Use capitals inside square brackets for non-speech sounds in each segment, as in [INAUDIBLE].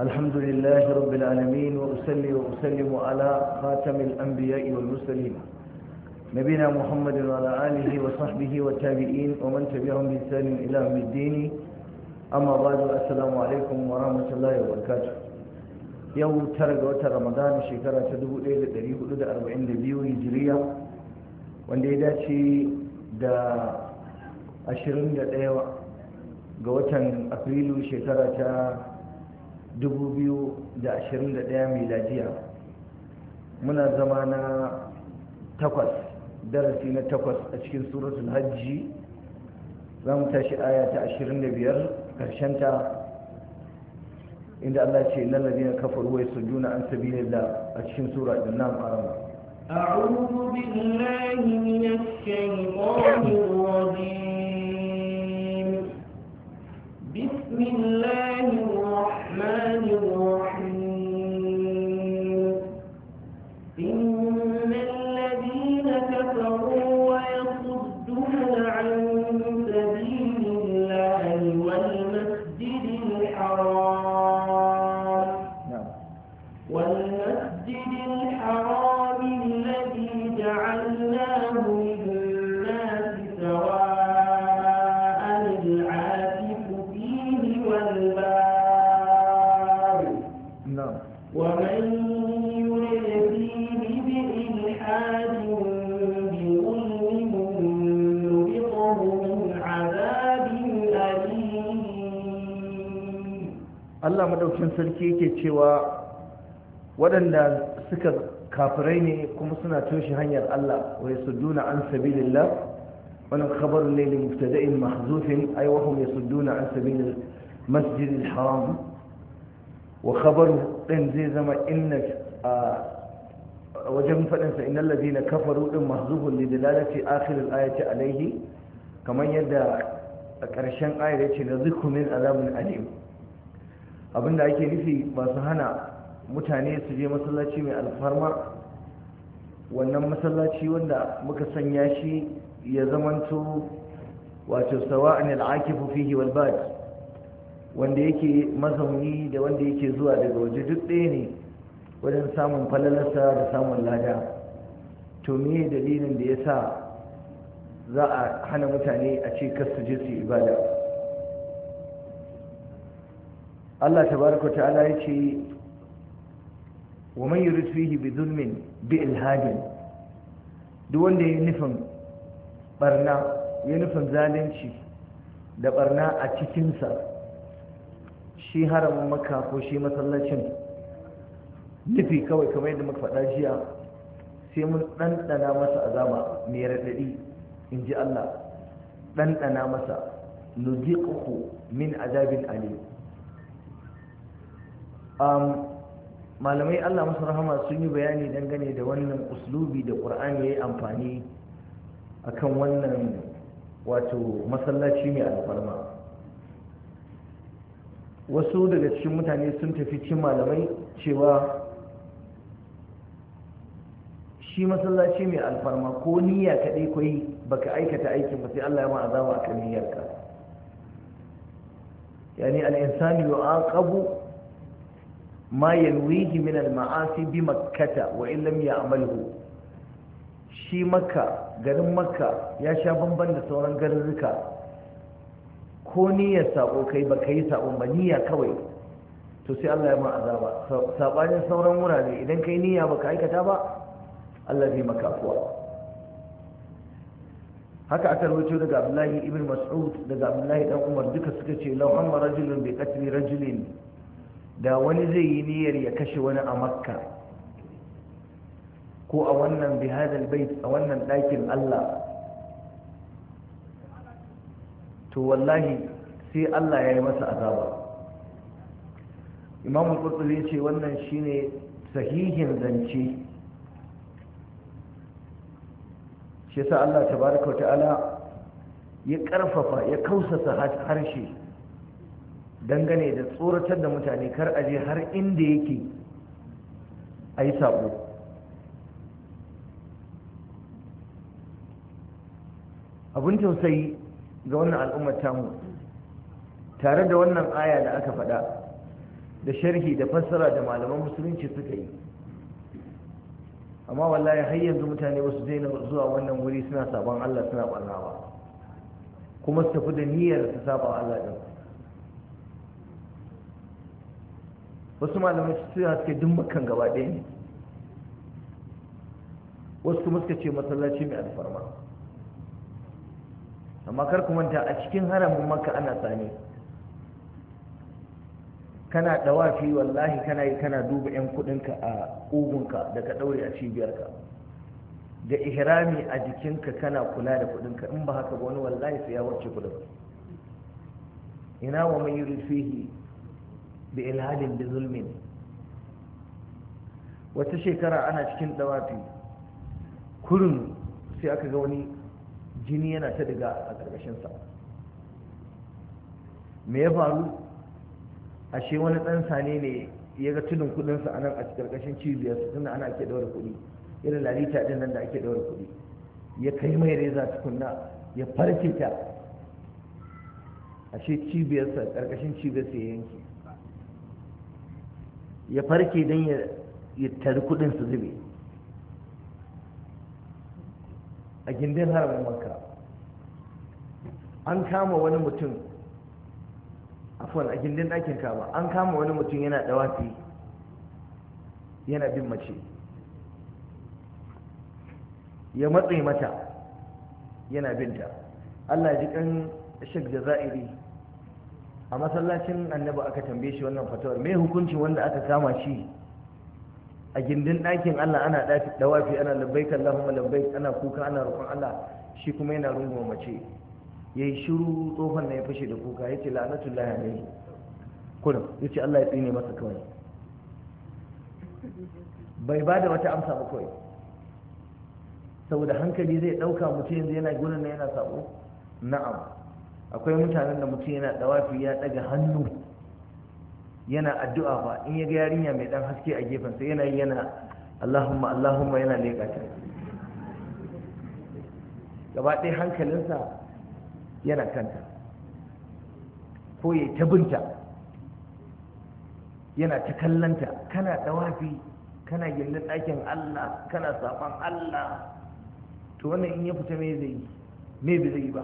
الحمد لله رب العالمين وأسلي وأسلم على خاتم الأنبياء والمرسلين نبينا محمد وعلى آله وصحبه والتابعين ومن تبعهم بإحسان إلى يوم الدين أما بعد السلام عليكم ورحمة الله وبركاته يوم ترق وتر رمضان شكرا تدبو ليلة دريه لدى أربعين لبيو هجرية وانديداتي دا أشرين دا ديوة قوة أبريل شكرا تدبو 2021 miladiya muna zama na takwas darasi na takwas a cikin suratul hajji za mu tashi aya ta 25 karshenta inda Allah ce lallabina kafaru wai sujuna an da a cikin sura din nan arama أعوذ بالله من الشيطان الرجيم بسم الله Allah madaukin sarki yake cewa waɗanda suka kafirai ne kuma suna toshe hanyar Allah wa yasudduna an sabilillah wannan khabarun ne lil mubtada'in mahzufin ay wa hum yasudduna an sabilil al haram wa khabaru din zai zama inna wajen faɗinsa innal ladina kafaru din mahzufun li dalalati akhir al ayati alayhi kamar yadda a ƙarshen ayar yace na zikum min azabin alim abinda ake nufi masu hana mutane su je masallaci mai alfarma wannan masallaci wanda muka sanya shi ya zamanto wato sawa'an al'akifu fihi wal bad wanda yake mazauni da wanda yake zuwa daga waje duk ɗaya ne wajen samun falalarsa da samun lada to me dalilin da ya sa za a hana mutane a ce kasu je su ibada Allah tabaraka ta'ala ce wa man yurid fihi bi zulmin bi ilhadin duk wanda ya nufin barna ya nufin zalunci da barna a cikinsa shi haramin maka ko shi masallacin nufi kawai kamar yadda muka faɗa jiya sai mun ɗanɗana masa azaba mai raɗaɗi in ji Allah ɗanɗana masa nuziƙuhu min azabin alim Um, malamai Allah masu rahama sun yi bayani dangane da wannan uslubi da ƙur'ani ya yi amfani a kan wannan wato masallaci mai alfarma wasu daga cikin mutane sun tafi cin malamai cewa shi masallaci mai alfarma ko niyya kaɗai kwai baka aikata aikin ba sai Allah ya ma azaba akan niyyarka yani al-insani yu'aqabu Mayan yanwihi min al-ma'asi bi makkata wa in lam ya'malhu shi makka garin makka ya sha bamban da sauran garurruka ko niyyar sabo kai ba kai sabon ba niyya kawai to sai Allah ya ma azaba sabanin sauran wurare idan kai niya ba ka aikata ba Allah zai maka afuwa haka aka rawaito daga Abdullahi ibn Mas'ud daga Abdullahi ɗan Umar duka suka ce law amma rajulun bi qatli da wani zai yi niyyar ya kashe wani a makka ko a wannan bihadal bait a wannan ɗakin allah to wallahi sai allah ya yi masa azaba imam al ce wannan shine sahihin zance shi yasa allah tabaraka wa ta'ala ya karfafa ya kausasa harshe dangane da tsoratar da mutane kar a je har inda yake a yi saɓo abin tausayi ga wannan al'ummar tamu tare da wannan aya da aka faɗa da sharhi da fassara da malaman musulunci suka yi amma wallahi har yanzu mutane wasu daina zuwa wannan wuri suna sabon Allah suna barna kuma su tafi da niyyar su saba Allah din wasu malamai suna suka duk makan gaba ɗaya ne wasu kuma suka ce masallaci mai alfarma amma kar ku manta a cikin haramin maka ana sani kana dawafi wallahi kana yi kana duba yan kudinka a ugunka da ka ɗaure a cibiyarka da ihrami a jikinka kana kula da kuɗinka, in ba haka ba wani wallahi sai ya wacce kudin ina wa mai yurifihi bi ilhadin bi zulmin wata shekara ana cikin dawafi kurin sai aka ga wani jini yana ta diga a ƙarƙashinsa me ya faru ashe wani ɗan sane ne ya ga tudun kudinsa a nan a ƙarƙashin cibiyar su tunda ana ake daura kuɗi irin lalita din nan da ake daura kuɗi ya kai mai reza tukunna ya farke ta ashe cibiyarsa ƙarƙashin cibiyarsa ya yanke ya farke don ya tari kudin su zube a gindin haramin maka an kama wani mutum afon a gindin ɗakin kama an kama wani mutum yana ɗawafi yana bin mace ya matsayi mata yana binta allah ji kan shek da za'iri a masallacin annabi aka tambaye shi wannan fatawar me hukuncin wanda aka kama shi a gindin ɗakin Allah ana dawafi ana labbaik Allahumma labbaik ana kuka ana roƙon Allah shi kuma yana rungo mace yayi shiru tsofan na ya fashe da kuka yace la'natullahi alayhi kullum yace Allah ya tsine masa kawai bai ba da wata amsa ba kawai saboda hankali zai ɗauka mutum yanzu yana gurin na yana sabo na'am akwai mutanen da mutum yana dawafi ya daga hannu yana addu'a ba in ya ga yarinya mai dan haske a gefensa yana yana Allahumma Allahumma yana leƙa gaba ɗaya hankalinsa yana kanta ko ya ta yana ta kallanta kana dawafi kana gindin ɗakin Allah kana saban Allah to wannan in ya fita me zai yi me bai zai yi ba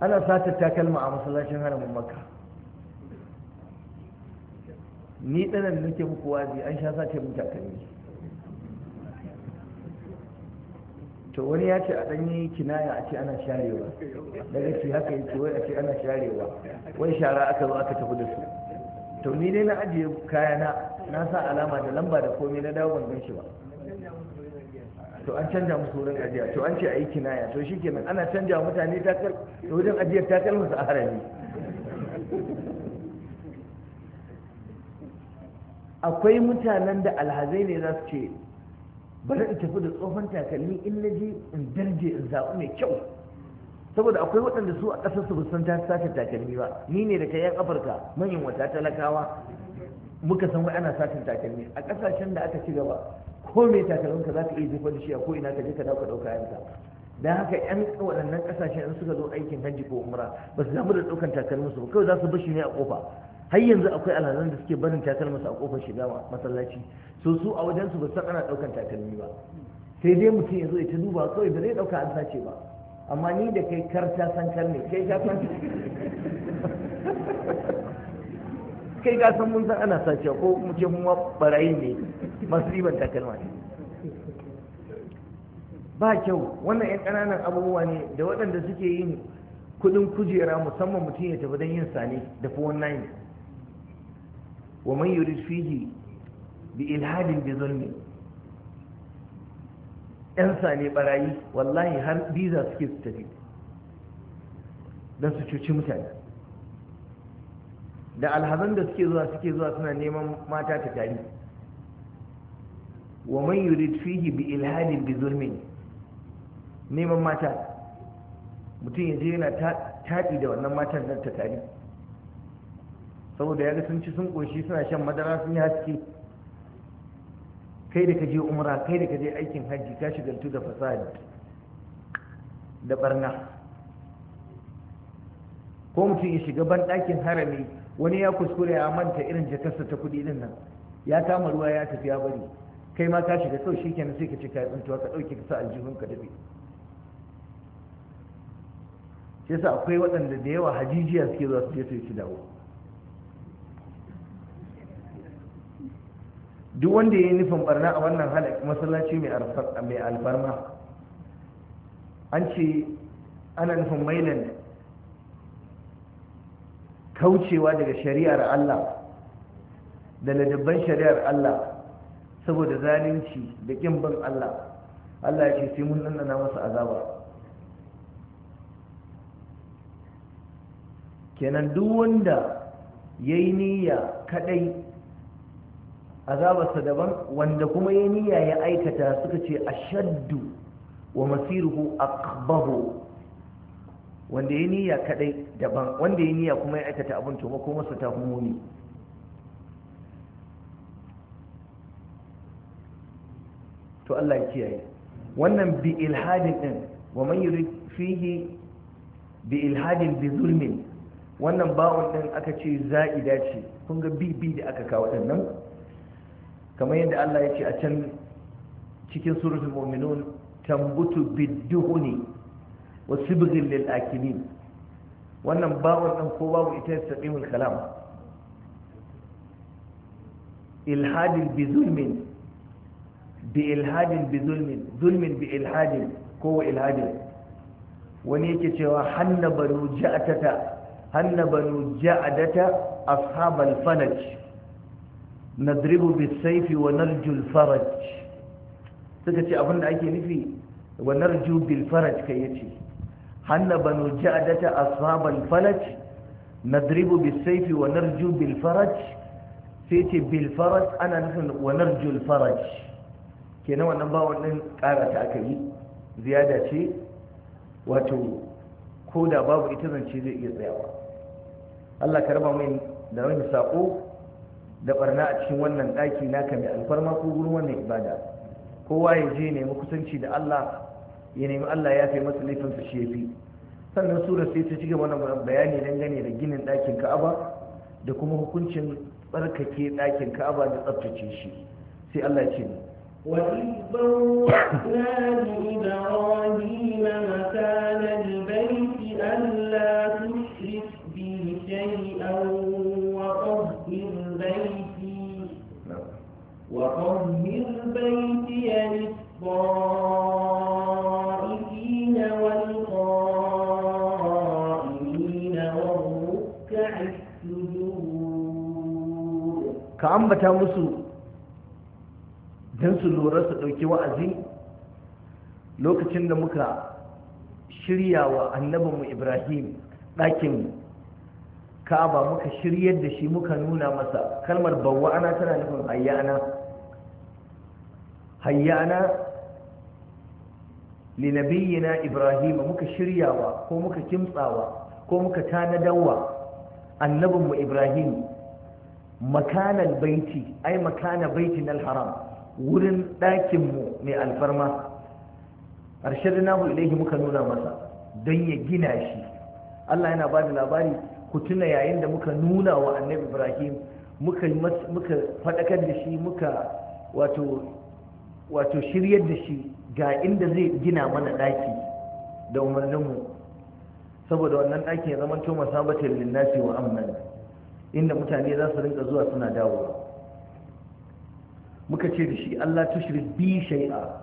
ana sata takalma a masallacin haramun makka ni ɗanan nake muku wazi an sha sace mu takalmi to wani ya ce a ɗan yi kinaya a ce ana sharewa daga ce haka yi ce wai a ce ana sharewa wai shara aka zo aka tafi da su to ni dai na ajiye kayana na sa alama da lamba da komai na dawo ban gan shi ba to an canja musu wurin ajiya to an ce aiki na ya to shi kenan ana canja mutane takal wajen ajiyar takalma su a harami akwai mutanen da alhazai ne za su ce bari in tafi da tsohon takalmi in na je in darje in zaɓi mai kyau saboda akwai waɗanda su a ƙasar su ba san ta takalmi ba ni ne da kayan afirka manyan wata talakawa muka san wai ana satin takalmi a ƙasashen da aka ci gaba ko mai takalminka za ka iya jefa da shi a ko'ina ka je ka dauka dauka yanka don haka yan waɗannan ƙasashen in suka zo aikin hajji ko umra ba su damu da ɗaukan takalminsu ba kawai za su bashi ne a ƙofa har yanzu akwai alhazan da suke barin takalminsu a ƙofar shiga masallaci so su a su ba san ana ɗaukan takalmi ba sai dai mutum ya zo ya ta duba kawai ba zai ɗauka an sace ba amma ni da kai kar ta san kar ne kai ta san kai ga san mun san ana sacewa ko mu ce mu barayi ne masu riban takalma ne ba kyau wannan yan ƙananan abubuwa ne da waɗanda suke yin kudin kujera musamman mutum ya tafi don yin sane da fuwan nayin wa man yurid fihi bi ilhadin bi zulmi yan sane barayi wallahi har biza suke su tafi don su cuci mutane da alhazan da suke zuwa suke zuwa suna neman mata ta tari wa man yurid fihi bi ilhadin bi zulmin neman mata mutum yaje yana taɗi da wannan matan nan ta tari saboda ya ga sun ci sun ƙoshi suna shan madara sun yi haske kai da ka je umra kai da ka je aikin hajji ka shigaltu da fasad da barna ko mutum ya shiga ban ɗakin harami wani ya kuskure ya manta irin jakarsa ta kuɗi din nan ya kama ruwa ya tafi ya bari kai ma ka shiga kawai kenan sai ka ci kayan tsuntuwa ka ɗauke ka sa aljihun ka tafi shi yasa akwai waɗanda da yawa hajijiya suke zuwa su je su ci dawo duk wanda ya yi nufin barna a wannan hana masallaci mai alfarma an ce ana nufin mailan kaucewa daga shari'ar Allah da ladabban shari'ar Allah saboda zalunci da ƙin bin Allah Allah ya ce sai mun nannana masa azaba kenan duk wanda ya yi niyya kaɗai azabarsa daban wanda kuma ya niyya ya aikata suka ce ashaddu wa masiruhu akbahu wanda ya niyya kadai daban wanda ya niyya kuma ya aikata abin to makomarsa ta humuni to Allah ya kiyaye wannan bi ilhadin din wa man yurid fihi bi ilhadin bi zulmin wannan bawon din aka ce za'ida ce kun ga bi bi da aka kawo din nan kamar yadda Allah ya ce a can cikin suratul mu'minun tambutu bidduhuni wa sibghin lil wannan bawon ɗan ko babu ita mun kalama. ilhadin bi zulmin bi ilhadin bi zulmin zulmin bi ilhadin ko wa ilhadin wani yake cewa hanna banu ja'atata hanna banu ja'adata ashabal falaj nadribu bi bisayfi wa narju alfaraj suka ce abinda ake nufi wa narju bil faraj kai yace hanna banu ja'data ashabal falaj nadribu bisayfi wa narju bil faraj sai ce bil faraj ana nufin wa narju al faraj kenan wannan ba wannan ƙara aka yi ziyada ce wato ko da babu ita zance zai iya tsayawa Allah ka raba min da wani sako da barna a cikin wannan ɗaki naka mai alfarma ko gurin wannan ibada kowa ya je nemi kusanci da Allah ya nemi Allah ya fi masa laifin su shi sannan sura sai ta ci gaba da bayani dangane da ginin ɗakin Ka'aba da kuma hukuncin tsarkake ɗakin Ka'aba da tsaftace shi sai Allah ce mu وإذ بوأنا na مكان ka ambata musu don su lura su ɗauki wa'azi lokacin da muka shirya wa annabinmu ibrahim ɗakin ka'aba muka shiryar da shi muka nuna masa kalmar ana tana nufin hayyana hayyana linabiyyina ibrahim muka shiryawa ko muka kimtsawa ko muka tanadawa annabinmu ibrahim makanan baiti ai makana baitin haram wurin ɗakinmu mai alfarma arshadnahu ilaihi muka nuna masa don ya gina shi Allah yana ba da labari ku tuna yayin da muka nuna wa annabi ibrahim muka muka faɗakar da shi muka wato wato shiryar da shi ga inda zai gina mana ɗaki da umarninmu saboda wannan ɗakin ya zama to masabatin linnasi wa amman inda mutane za su rinka zuwa suna dawo. muka ce da shi Allah tushir bi shay'a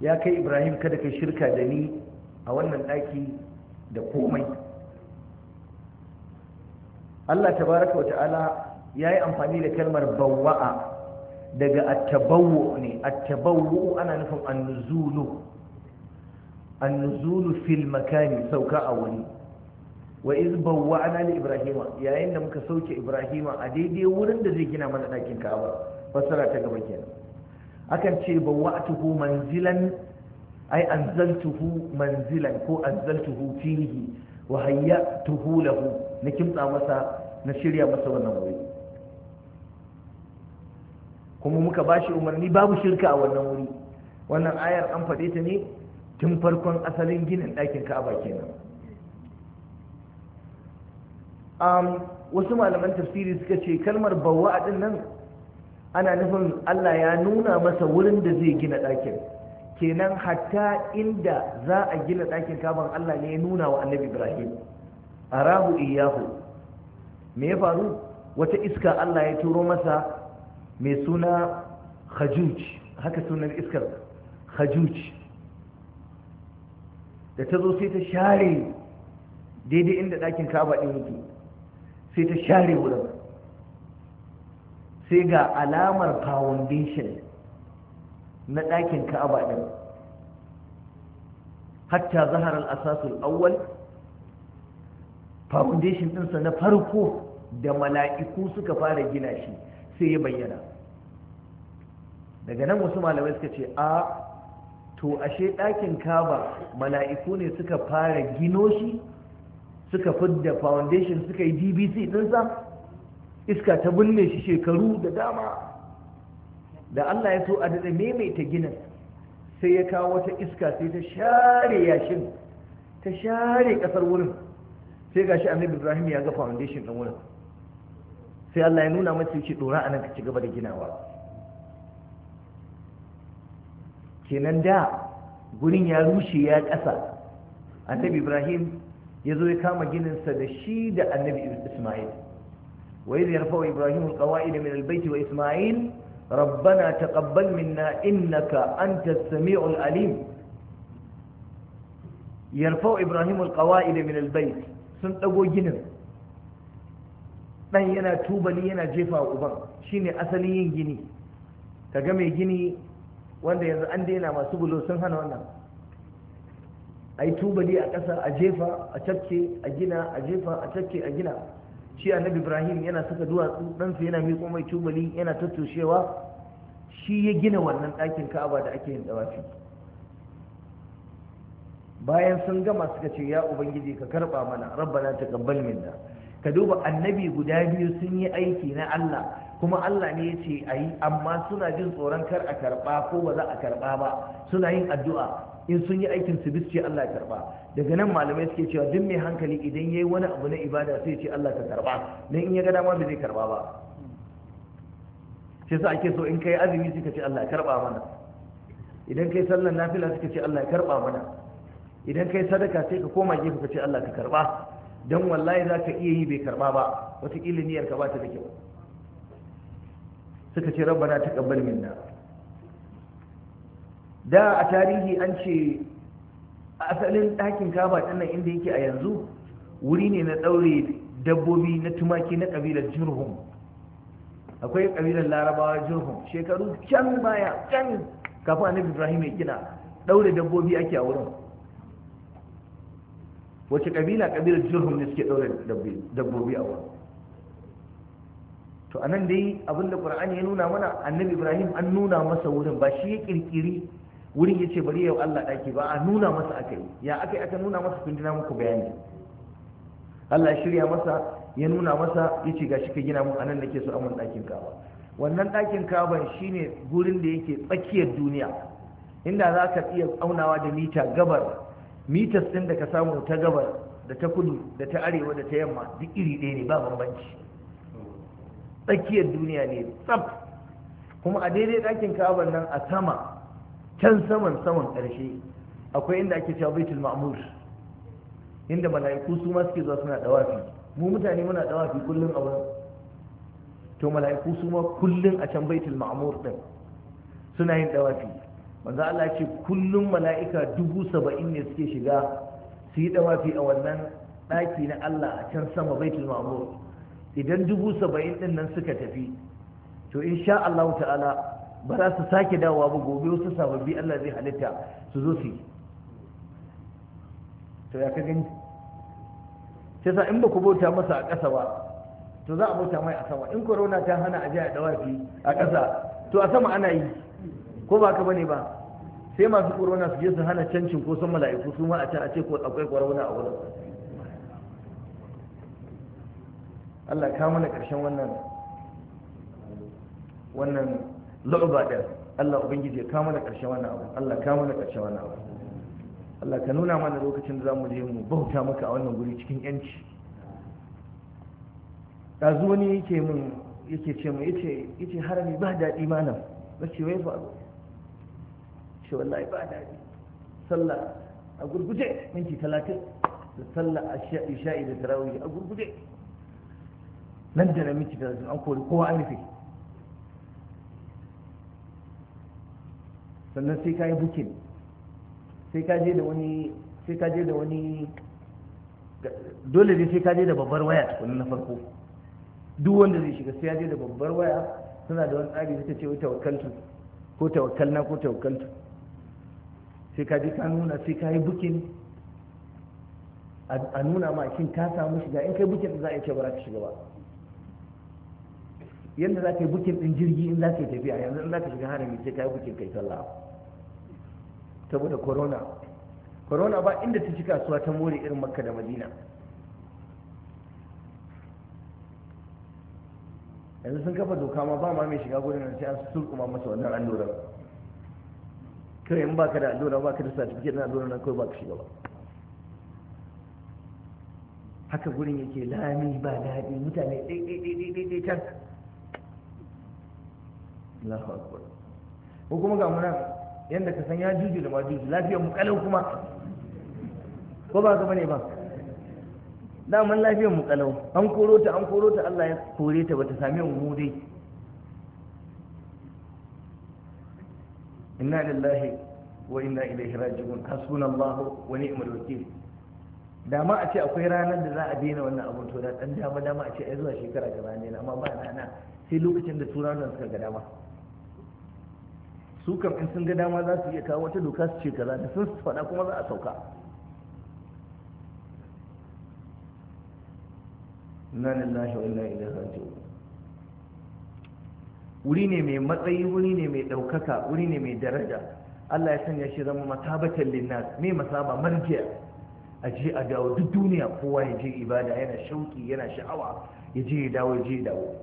ya kai Ibrahim kada kai shirka da ni a wannan daki da komai Allah tabaraka wa ta'ala yi amfani da kalmar bawwa'a daga at ne at ana nufin an-nuzulu an-nuzulu fil makani sauka a wani wa bawwa bawwa'na li ibrahima yayin da muka sauke ibrahima a daidai wurin da zai gina mana ɗakin ka'aba fassara ta gaba kenan akan ce bawwa'tuhu manzilan ay anzaltuhu manzilan ko anzaltuhu fihi wa hayyatuhu lahu na kimtsa masa na shirya masa wannan wuri kuma muka bashi umarni babu shirka a wannan wuri wannan ayar an faɗe ta ne tun farkon asalin ginin ɗakin ka'aba kenan Um, wasu malaman tafsiri suka ce kalmar bawa a nan ana nufin Allah ya nuna masa wurin da zai gina ɗakin kenan hatta inda za a gina ɗakin kaban Allah ne ya nuna wa annabi Ibrahim arahu iyahu me ya faru wata iska Allah ya turo masa mai suna Hajuj, haka sunan iskar Hajuj? da ta zo sai ta share daidai inda ɗakin kaba ɗin yake sai ta share wurin sai ga alamar foundation na ɗakin ka'aba ɗin hatta zahar al'asasul awwal foundation ɗinsa na farko da mala'iku suka fara gina shi sai ya bayyana daga nan wasu malamai suka ce a to ashe ɗakin kaba mala'iku ne suka fara gino shi suka fidda foundation suka yi dbc ɗinsa iska ta binne shi shekaru da dama da allah ya so a daɗa maimaita ginin sai ya kawo wata iska sai ta share yashin ta share ƙasar wurin sai gashi annabi ibrahim ya ga foundation ɗin wurin sai allah ya nuna masa ce ɗora a nan ka ci gaba da ginawa kenan da gurin ya rushe ya ƙasa annabi ibrahim ya zo ya kama gininsa da shi da annabi isma'il wa idh yarfa'u ibrahimu da min albayt wa isma'il rabbana taqabbal minna innaka sami'u sami'ul alim Ibrahim ibrahimu da min albayt sun ɗago ginin dan yana tubali yana jefa uban shine asalin yin gini Ka ga mai gini wanda yanzu an daina masu bulo sun hana wannan a yi tubali a ƙasa a jefa a cafke a gina a jefa a cafke a gina shi annabi ibrahim yana saka duwatsu ɗansa yana miƙo mai tubali yana tattoshewa shi ya gina wannan ɗakin ka'aba da ake yin dawafi bayan sun gama suka ce ya ubangiji ka karɓa mana rabbana taqabbal minna ka duba annabi guda biyu sun yi aiki na Allah kuma Allah ne ya ce a yi amma suna jin tsoron kar a karɓa ko ba za a karɓa ba suna yin addu'a in sun yi aikin su bisce Allah ya karba daga nan malamai suke cewa duk mai hankali idan yayi wani abu na ibada sai ce Allah ka karba dan in ya ga dama ba zai karba ba sai sa ake so in kai azumi suka ce Allah ya karba mana idan kai sallar nafila suka ce Allah ya karba mana idan kai sadaka sai ka koma gefe ka ce Allah ka karba dan wallahi zaka iya yi bai karba ba wata ilimiyar ka ba ta da kyau suka ce rabbana taqabbal minna da a tarihi an ce asalin ɗakin kaba nan inda yake a yanzu wuri ne na ɗaure dabbobi na tumaki na ƙabilar jirhum akwai ƙabilar larabawa jirhum shekaru can baya can kafin annabi ibrahim ya gina ɗaure dabbobi ake a wurin wace ƙabila ƙabilar jirhum ne suke ɗaure dabbobi a wurin to anan dai abinda ƙur'ani ya nuna mana annabi ibrahim an nuna masa wurin ba shi ya ƙirƙiri wurin yace bari yau Allah daki ba a nuna masa aka yi ya aka yi aka nuna masa kun muku bayani Allah ya shirya masa ya nuna masa yace shi ka gina mun anan nake so a mun dakin kaba wannan dakin kaban shine gurin da yake tsakiyar duniya inda za ka iya aunawa da mita gabar mitas ɗin da ka samu ta gabar da ta kudu da ta arewa da ta yamma duk iri ɗaya ne ba bambanci tsakiyar duniya ne tsaf kuma a daidai ɗakin kaban nan a sama can saman saman ƙarshe akwai inda ake cewa baitul ma'mur inda mala'iku su ma suke zuwa suna dawafi mu mutane muna dawafi kullum a wurin to mala'iku su ma kullum a can baitul ma'mur din suna yin dawafi manzo Allah ce kullum mala'ika dubu saba'in ne suke shiga su yi dawafi a wannan ɗaki na Allah a can sama baitul ma'mur idan dubu saba'in din nan suka tafi to insha Allah ta'ala ba za su sake dawowa ba gobe wasu sababbi Allah zai halitta su zo su yi to ya ka gani sai sa in ba ku bauta masa a ƙasa ba to za a bauta mai a sama in corona ta hana a jiya a wafi a ƙasa to a sama ana yi ko ba ka bane ba sai masu corona su je su hana cancin ko sun mala'iku su ma a can a ce ko akwai corona a wurin Allah ka mana ƙarshen wannan wannan lu'uba din Allah ubangiji ya kama da karshen wannan abu Allah kama da karshen wannan abu Allah ka nuna mana lokacin da zamu je mu bauta maka a wannan guri cikin yanci dazu wani yake min yake ce mu yace yace harami ba daɗi malam nace wai fa ce wallahi ba daɗi sallah a gurguje minti talatin da sallah isha'i da tarawih a gurguje nan da na minti talatin an kori kowa an rufe sannan sai ka yi bukin sai ka je da wani sai ka je da wani dole ne sai ka je da babbar waya tukunan na farko duk wanda zai shiga sai ya je da babbar waya suna da wani tsari zai ce tawakkaltu ko tawakkalna ko tawakkaltu sai ka je ka nuna sai ka yi bukin a nuna ma shin ka samu shiga in kai bukin za a ce ba za ka shiga ba yadda za ka yi bukin din jirgi in za ka yi tafiya yanzu in za ka shiga harami sai ka yi bukin kai sallah saboda corona corona ba inda ta ci kasuwa ta more irin makka da madina yanzu sun kafa doka ma ba ma mai shiga gudun nan sai an surkuma masa wannan allurar kawai in baka da allura baka da certificate na allura nan kawai baka shiga ba haka gurin yake lami ba daɗi mutane ɗaiɗaiɗaiɗaiɗai can Allahu Akbar ko kuma ga muna yadda ka san ya juju da ma juju lafiyar mu kalau kuma ko ba ka bane ba daman lafiyar mu kalau an koro ta an koro ta Allah ya kore ta bata sami mu dai inna lillahi wa inna ilaihi raji'un hasbunallahu wa ni'mal wakil da ma a ce akwai ranar da za a daina wannan abun to da dan dama dama a ce ai zuwa shekara gaba ne amma ba na sai lokacin da turawan suka ga dama su kam in sun ga dama za su iya kawo wata doka su ce kaza da sun faɗa kuma za a sauka inna lillahi wa inna ilaihi raji'un wuri ne mai matsayi wuri ne mai ɗaukaka wuri ne mai daraja Allah ya sanya shi zama matabatan linnas mai masaba marjiya a je a dawo duk duniya kowa ya je ibada yana shauki yana sha'awa ya je ya dawo ya je ya dawo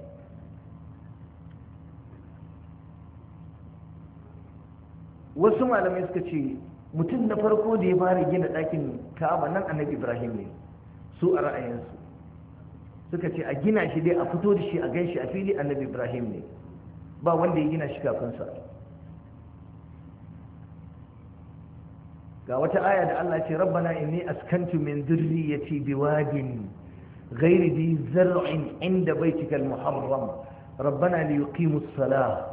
wasu malamai suka ce mutum na farko da ya fara gina ɗakin ka'aba nan annabi ibrahim ne su a ra'ayinsu suka ce a gina shi dai a fito da shi a gan shi a fili annabi ibrahim ne ba wanda ya gina shi kafinsa ga wata aya da Allah ce rabbana inni askantu min dhurriyyati biwadin ghairi dhi zar'in inda baytikal muharram rabbana liyuqimus salah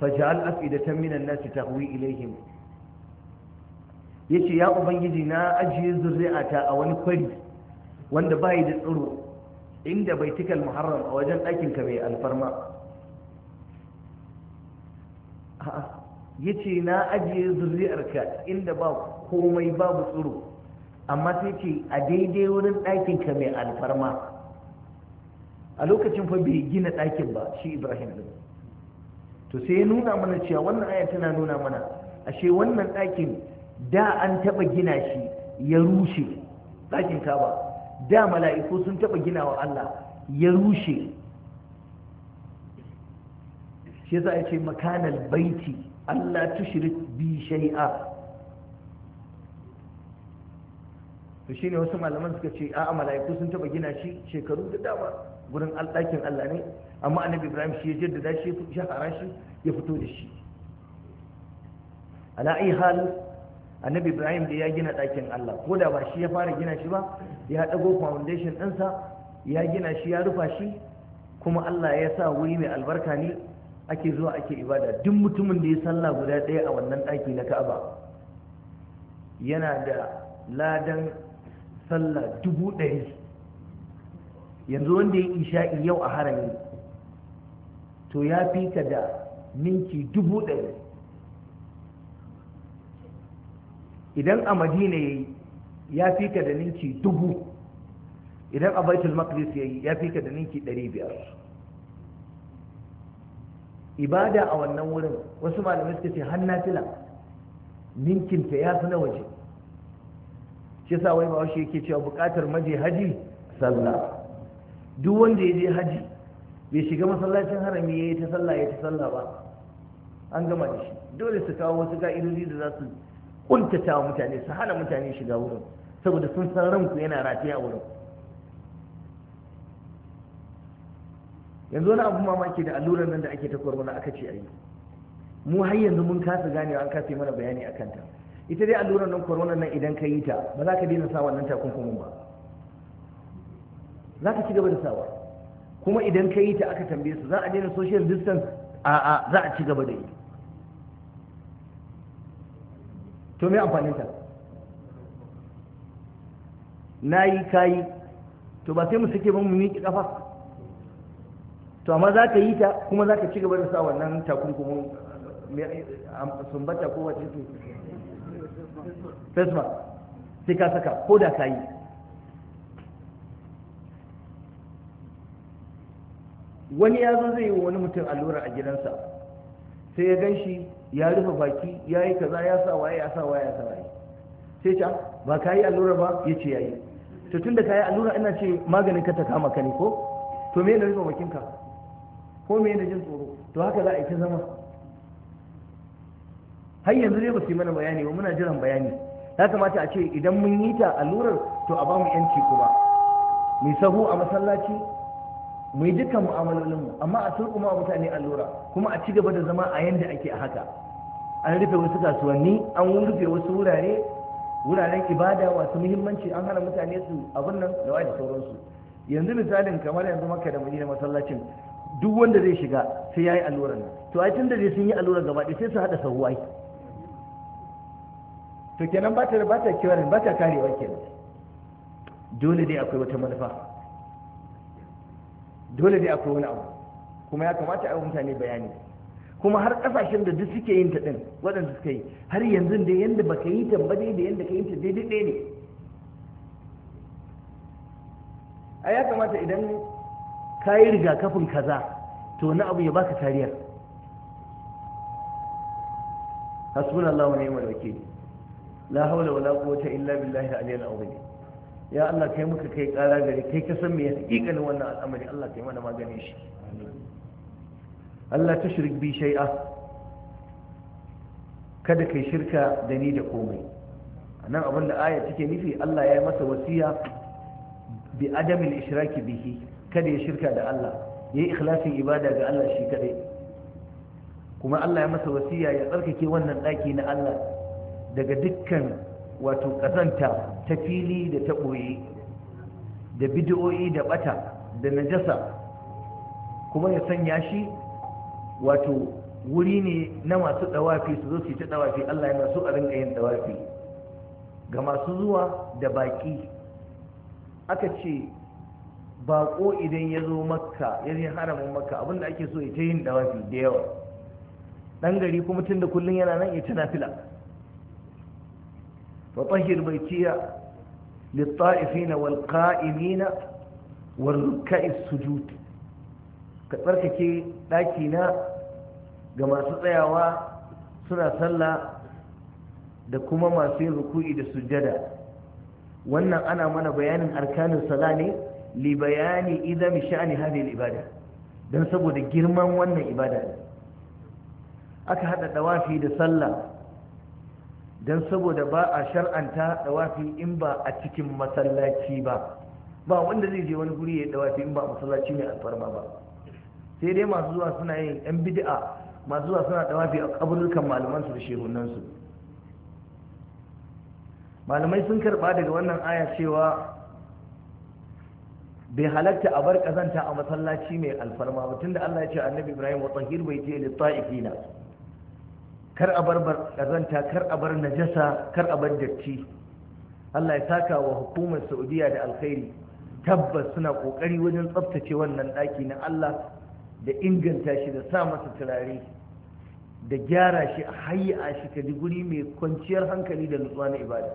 faj'al afidatan minan nasi tahwi ilaihim yace ya ubangiji na ajiye zuri'ata a wani kwari wanda bai da tsoro, inda bai baitikal muharram a wajen ɗakin ka mai alfarma yace na ajiye zuri'arka inda ba komai babu tsoro, amma sai ce a daidai wurin ɗakin ka mai alfarma a lokacin fa bai gina ɗakin ba shi ibrahim din to sai ya nuna mana cewa wannan aya tana nuna mana ashe wannan ɗakin da an taɓa gina shi ya rushe ɗakin kaba da mala'iku sun taɓa gina wa Allah ya rushe shi za a ce makanal baiti Allah tushrik bi shari'a to shine wasu malaman suka ce a mala'iku sun taɓa gina shi shekaru da dama gurin ɗakin Allah ne amma annabi ibrahim shi ya jaddada shi ya shahara shi ya fito da shi ala ayi hal annabi ibrahim da ya gina ɗakin allah ko da ba shi ya fara gina shi ba ya ɗago foundation ɗinsa ya gina shi ya rufa shi kuma allah ya sa wuri mai albarka ne ake zuwa ake ibada duk mutumin da ya salla guda ɗaya a wannan ɗaki na ka'aba yana da ladan sallah dubu ɗari yanzu wanda ya isha'i yau a harami to ya fi ka da minti dubu ɗari idan a madina ya yi ya fi ka da ninki dubu idan a baitul maqdis ya yi ya fi ka da ninki ɗari biyar ibada a wannan wurin wasu malamai suka ce hannatila ninkinta ya fi na waje shi sa wai wasu yake cewa buƙatar maje haji sallah duk wanda ya je haji bai shiga masallacin harami ya yi ta sallah ya ta sallah ba an gama da shi dole su kawo wasu ga'idodi da za su kuntata wa mutane su hana mutane shiga wurin saboda sun san ranku yana rataya a wurin yanzu wani abu mamaki da allurar nan da ake ta kwarwana aka ce a yi mu har yanzu mun kasa ganewa an kasa mana bayani a kanta ita dai allurar nan korona nan idan ka yi ta ba za ka daina sa wannan takunkumin ba za ka ci gaba da sawa kuma idan ka yi ta aka tambaye su za a daina social distance a'a za a ci gaba da yi to me amfani ta na yi kayi to ba sai mu suke ba mu miƙi kafa to amma za ka yi ta kuma za ka ci gaba da sa wannan takunkumin sumbata ko wace su fesma sai ka saka ko da ka yi wani ya zo zai yi wani mutum allura a gidansa sai ya gan shi ya rufe baki ya yi kaza ya sa waye ya sa waye ya sa waye sai ce ah, ba ka yi allura ba ya ce ya yi to tun da ka yi allura ina ce maganin ka ta kama ka ne ko to me da rufe ka? ko me yana jin tsoro to haka za a yi ta zama har yanzu dai ba su yi mana bayani ba muna jiran bayani ya kamata a ce idan mun yi ta allurar to a ba mu yanci kuma mu sahu a masallaci mu yi dukkan mu'amalolinmu amma a turkuma mutane allura kuma a ci gaba da zama a yanda ake a haka an rufe wasu kasuwanni an rufe wasu wurare wuraren ibada wasu muhimmanci an hana mutane su abin nan da wani sauransu yanzu misalin kamar yanzu maka da madina masallacin duk wanda zai shiga sai yayi alluran nan to ai tun da dai sun yi alluran gaba sai su haɗa sahuwai to kenan ba ta ba ta kiwarin ba ta karewa kenan dole dai akwai wata manufa dole dai akwai wani abu kuma ya kamata a mutane bayani kuma har kasashen da duk suke yin ta din waɗanda suka yi har yanzu dai yadda baka yi ta ba da yadda ka yi ta daidai ɗaya ne a ya kamata idan ka yi rigakafin kaza to wani abu ya baka kariyar hasbunallahu wa ni'mal wakil la hawla wala quwwata illa billahi al-aliyyil azim ya Allah kai muka kai ƙara gari kai ka san me ya wannan al'amari Allah kai mana maganin shi Allah ta shirk bi kada kai shirka da ni da komai a nan abin da aya take nufi Allah ya yi masa wasiya bi adamil ishraki bihi kada ya shirka da Allah ya yi ikhlasin ibada ga Allah shi kadai kuma Allah ya masa wasiya ya tsarkake wannan ɗaki na Allah daga dukkan wato ƙazanta ta fili da ta ɓoye da bidiyoyi da ɓata da najasa kuma ya sanya shi wato wuri ne na masu ɗawafi su zo su ta ɗawafi Allah ya so a rinka yin ɗawafi ga masu zuwa da baƙi aka ce baƙo idan ya zo makka ya yi haramin makka abinda ake so ya ta yin ɗawafi da yawa ɗan gari kuma tun da kullum yana nan ya ta fila. فطهر بيتي للطائفين والقائمين والركع السجود كتركك ga masu tsayawa suna sallah da kuma masu yin ruku'i da sujjada wannan ana mana bayanin arkanin sala ne li bayani idan sha'ani hadhihi ibada dan saboda girman wannan ibada aka haɗa ɗawafi da sallah don saboda ba a shar'anta dawafi in ba a cikin masallaci ba ba wanda zai je wani guri ya dawafi in ba a masallaci mai alfarma ba sai dai masu zuwa suna yin yan bid'a masu zuwa suna dawafi a kaburukan malaman su da shehunan su malamai sun karba daga wannan aya cewa bai halatta a bar kazanta a masallaci mai alfarma ba tunda Allah ya ce annabi Ibrahim wa tahir baiti lit ta'ifina kar a bar ƙazanta kar a bar najasa kar a bar datti Allah ya saka wa hukumar Saudiya da alkhairi tabbas suna kokari wajen tsaftace wannan ɗaki na Allah da inganta shi da sa masa turare da gyara shi a hayya shi ka ji guri mai kwanciyar hankali da nutsuwa na ibada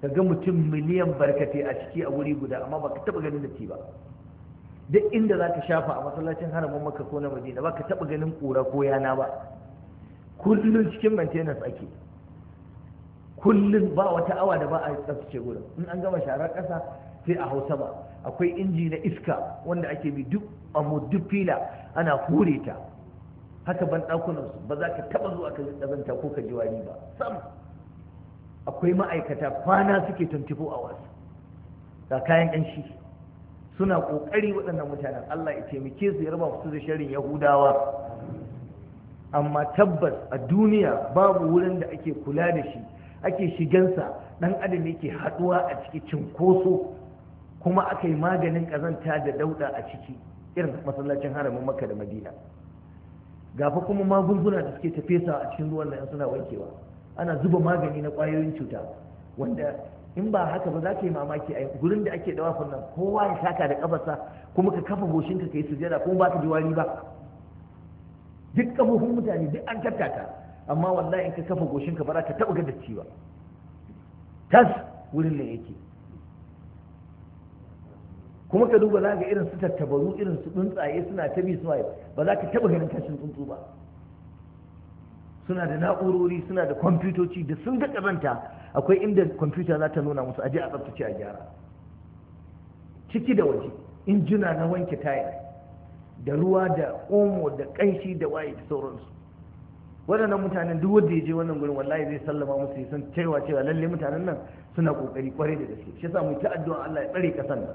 ka ga mutum miliyan barkatai a ciki a wuri guda amma baka taba ganin datti ba duk inda za ka shafa a masallacin haramun maka ko na madina ba ka taba ganin ƙura ko yana ba kullum cikin maintenance ake kullum ba wata awa da ba a tsaftace gurin in an gama sharar ƙasa sai a hausa ba akwai inji na iska wanda ake bi duk amma duk fila ana hure ta haka ban ɗakunansu ba za ka taɓa zuwa ka ƙazanta ko ka ji wani ba sam akwai ma'aikata kwana suke 24 hours ga kayan ƙanshi suna ƙoƙari waɗannan mutanen Allah ya taimake su ya raba su da sharin Yahudawa amma tabbas a duniya babu wurin da ake kula da shi ake shigansa dan adam yake haduwa a ciki cinkoso kuma aka yi maganin kazanta da dauda a ciki irin masallacin haramin makka da madina gafa kuma magunguna da suke tafesa a cikin ruwan nan suna wankewa ana zuba magani na kwayoyin cuta wanda in ba haka ba za ka yi mamaki a gurin da ake dawafin nan kowa ya shaka da kafarsa kuma ka kafa goshinka ka yi sujada kuma ba ka ji wari ba duk kafofin mutane duk an tattata, amma wallahi in ka kafa goshin ka za ka taɓa ga datti ba tas wurin ne yake kuma ka duba za irin su tattabaru irin su tsuntsaye suna ta bi suwaye ba za ka taɓa ganin kashin tsuntsu ba suna da na'urori suna da kwamfutoci da sun ga ƙazanta akwai inda kwamfuta za ta nuna musu aje a tsaftace a gyara ciki da waje injina na wanke tayar da ruwa da omo da kanshi da waye da sauransu waɗannan mutanen duk wanda ya je wannan gurin wallahi zai sallama musu ya san cewa cewa lalle mutanen nan suna kokari kwarai da gaske shi yasa mu ta addu'a Allah ya tsare kasan nan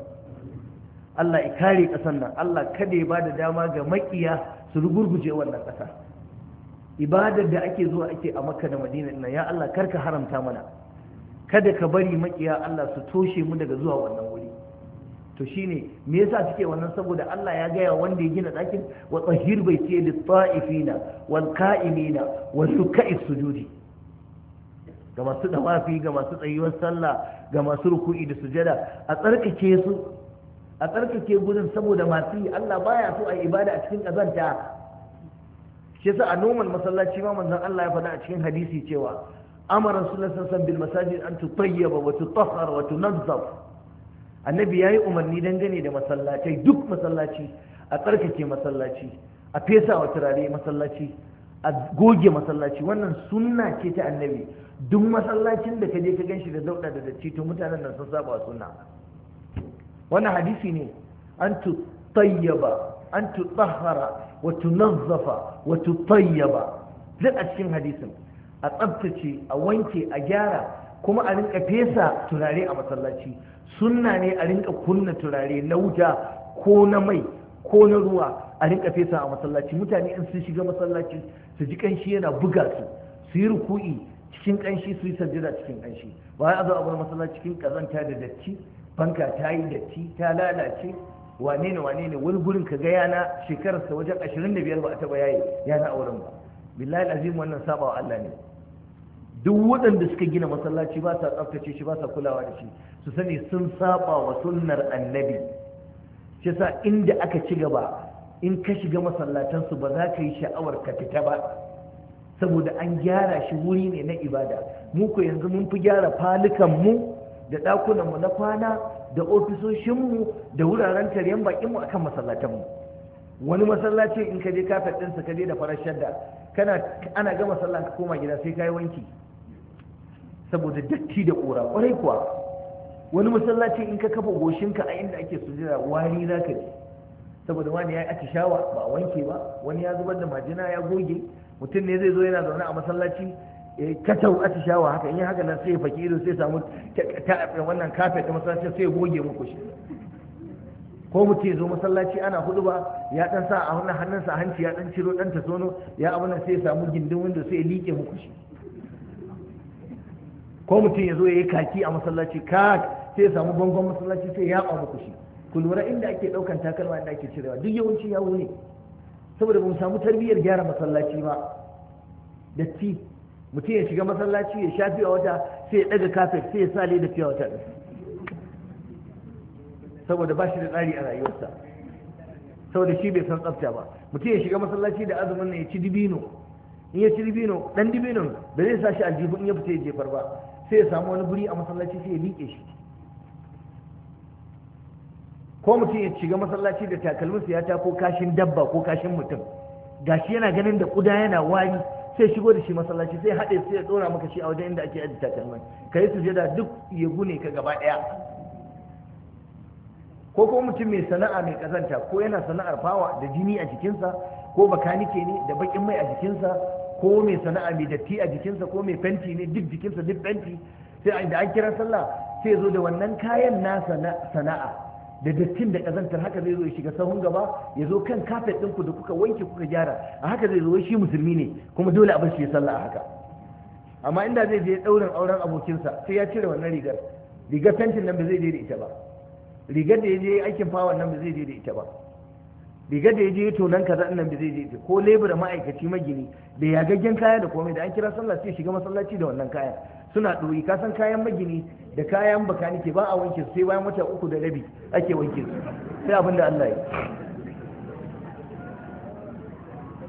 Allah ya kare kasan nan Allah kada ya bada dama ga makiya su rugurguje wannan kasa ibadar da ake zuwa ake a Makka da Madina ya Allah karka haramta mana kada ka bari makiya Allah su toshe mu daga zuwa wannan to shine me yasa suke wannan saboda Allah ya gaya wanda ya gina ɗakin wa tsahir bai ce li ta'ifina wal ka'imina wa suka'i sujudi ga masu dawafi ga masu tsayuwar sallah ga masu ruku'i da sujada a tsarkake su a tsarkake gurin saboda masu yi Allah baya so a ibada a cikin kazanta shi yasa a noman masallaci ma manzon Allah ya faɗa a cikin hadisi cewa amara rasulullahi sallallahu alaihi wasallam bil masajid an tutayyaba wa tutahhar wa tunazzaf annabi ya yi umarni dangane da masallacai, duk masallaci a tsarkake masallaci a fesa wa turare masallaci a goge masallaci wannan sunna ce ta annabi duk masallacin da ka je ka ganshi da zauɗa da dace, to mutanen nan sun saba sunna wannan hadisi ne an tayyaba an tutahhara wa nazzafa wa tayyaba duk a cikin hadisin a tsabtace a wanke a gyara kuma a rinka fesa turare a masallaci sunna ne a rinka kunna turare na wuta ko na mai ko na ruwa a rinka fesa a masallaci mutane in sun shiga masallaci su ji kanshi yana buga su su yi ruku'i cikin kanshi su yi sajjada cikin kanshi ba a zo a bar masallaci cikin kazanta da datti fanka ta yi datti ta lalace wane ne wane ne wani gurin ka ga yana shekararsa wajen 25 ba a taba yayi yana auren ba billahi azim wannan saba wa Allah ne duk waɗanda suka gina masallaci ba sa tsaftace shi ba sa kulawa da shi su sani sun saba wa sunnar annabi shi sa inda aka ci gaba in ka shiga masallatansu ba za ka yi sha'awar ka fita ba saboda an gyara shi wuri ne na ibada mu ko yanzu mun fi gyara falukan mu da ɗakunan mu na kwana da ofisoshin mu da wuraren taryan bakin mu akan masallatan mu wani masallaci in ka je kafet ɗinsa ka je da farashar shadda kana ana gama sallah ka koma gida sai ka yi wanki saboda datti da ƙura ƙwarai kuwa wani masallaci in ka kafa goshinka a inda ake sujira wari za ka ji saboda wani ya yi atishawa ba wanke ba wani ya zubar da majina ya goge mutum ne zai zo yana zaune a masallaci katau atishawa haka in yi haka nan sai faki ido sai samu ta wannan kafet da masallaci sai goge muku shi ko mutum ya zo masallaci ana hudu ba ya dan sa a wannan hannunsa hanci ya dan ciro dan ta sono ya abu sai samu gindin wanda sai liƙe muku shi ko mutum ya zo ya yi kaki a masallaci kak sai ya samu bangon masallaci sai ya ba muku shi ku lura inda ake ɗaukan takalma inda ake cirewa duk yawanci ya ne saboda ba mu samu tarbiyyar gyara masallaci ba datti mutum ya shiga masallaci ya shafi a wata sai ya ɗaga kafet sai ya sa da fiye wata saboda ba shi da tsari a rayuwarsa saboda shi bai san tsafta ba mutum ya shiga masallaci da azumin ya ci dibino in ya ci dibino dan dibino da zai sa shi aljihu in ya fita ya jefar ba sai ya samu wani guri a masallaci sai ya liƙe shi ko mutum ya shiga masallaci da takalminsa ya ta ko kashin dabba ko kashin mutum gashi yana ganin da kuda yana wari sai shigo da shi masallaci sai haɗe sai ya ɗora maka shi a wajen inda ake ajiye takalmin ka yi sujada duk ya gune ka gaba ɗaya ko ko mutum mai sana'a mai kazanta ko yana sana'ar fawa da jini a jikinsa ko bakanike ne da bakin mai a jikinsa ko mai sana'a mai datti a jikinsa ko mai fenti ne duk jikinsa duk fenti sai inda an kira sallah sai zo da wannan kayan na sana'a da dattin da kazantar haka zai zo ya shiga sahun gaba ya zo kan kafet ɗinku da kuka wanke kuka gyara a haka zai zo shi musulmi ne kuma dole a bar shi ya sallah a haka amma inda zai je ɗaurin auren abokinsa sai ya cire wannan rigar rigar fentin nan ba zai je da ita ba rigar da ya je aikin fawon nan ba zai je da ita ba riga da ya je ya tonan kaza nan da zai je ko lebura ma'aikaci magini da ya gaggen kaya da komai da an kira sallah sai shiga masallaci da wannan kaya suna ɗoyi ka san kayan magini da kayan nake ba a wanke su sai bayan wata uku da rabi ake wanke su sai abin da Allah ya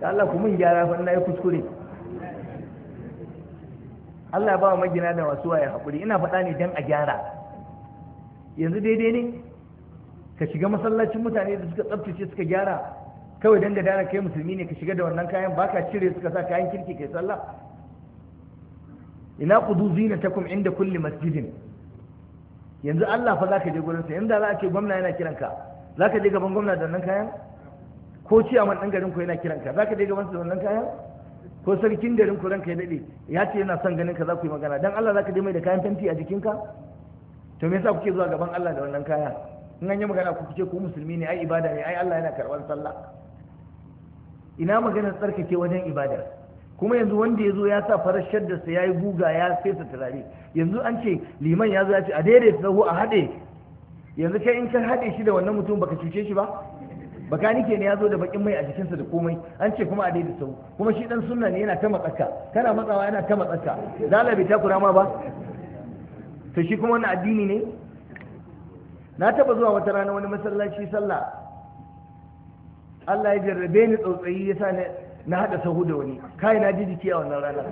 da Allah ku mun gyara fa na yi kuskure Allah ba wa magina da wasu waya haƙuri ina faɗa ne don a gyara yanzu daidai ne ka shiga masallacin mutane da suka tsabtace suka gyara kawai don da dana kai musulmi ne ka shiga da wannan kayan baka cire suka sa kayan kirki kai sallah ina qudu zinatakum inda kulli masjidin yanzu Allah fa zaka je gurin sa inda za a ce gwamna yana kiran ka zaka je gaban gwamna da wannan kayan ko ci a wannan garin ku yana kiran ka zaka je gaban sa da wannan kayan ko sarkin garin ku ranka ya dade ya ce yana son ganin ka za ku yi magana dan Allah zaka je mai da kayan fenti a jikinka to me yasa kuke zuwa gaban Allah da wannan kayan in an yi magana ku ce ku musulmi ne ai ibada ne ai Allah yana karban sallah ina maganar tsarkake wajen ibada kuma yanzu wanda ya zo ya sa farar shaddarsa ya yi guga ya fesa turare yanzu an ce liman ya zo ya ce a da sahu a haɗe yanzu kai in ka haɗe shi da wannan mutum baka cuce shi ba nike ne ya zo da bakin mai a jikinsa da komai an ce kuma a daidai sau kuma shi dan sunna ne yana ta matsaka kana matsawa yana ta matsaka zalabi ta ma ba to shi kuma wani addini ne na taba zuwa wata rana wani masallaci sallah Allah ya jarrabe ni tsautsayi ya sa na haɗa sahu da wani kai na ji jiki a wannan rana